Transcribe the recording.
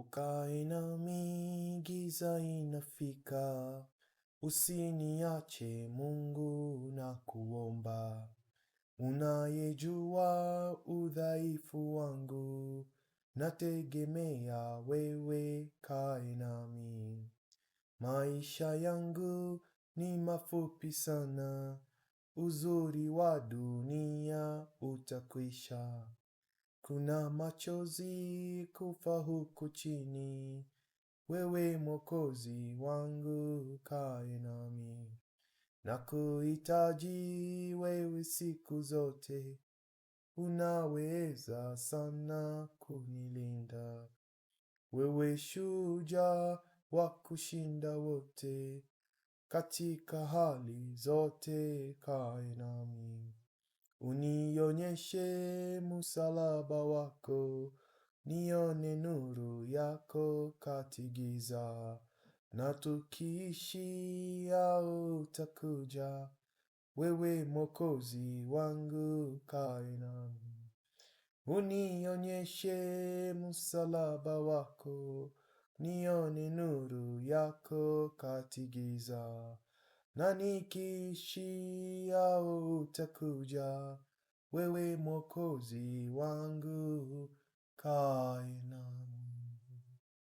Ukae nami giza inafika, usiniache Mungu na kuomba. Unayejua udhaifu wangu, nategemea wewe, kae nami. Maisha yangu ni mafupi sana, uzuri wa dunia utakwisha. Kuna machozi kufa huku chini, wewe Mwokozi wangu kae nami, nakuhitaji wewe siku zote, unaweza sana kunilinda. Wewe shujaa wa kushinda wote, katika hali zote kae nami unionyeshe musalaba wako, nione nuru yako katigiza na tukiishi au utakuja, wewe Mwokozi wangu kainami. Unionyeshe musalaba wako, nione nuru yako katigiza nani kishiao utakuja, wewe mwokozi wangu